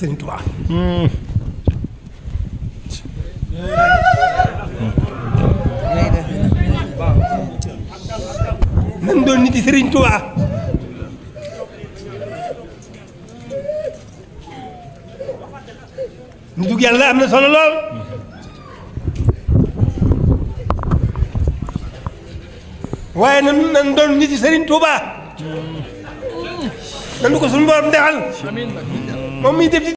Sëriñ Tuubaa nan doon nit yi Sëriñ Tuubaa ñu dugg yàlla am na solo lool waaye nan nan doon nit yi Sëriñ Tuubaa nan ko suñu borom defal moom mi def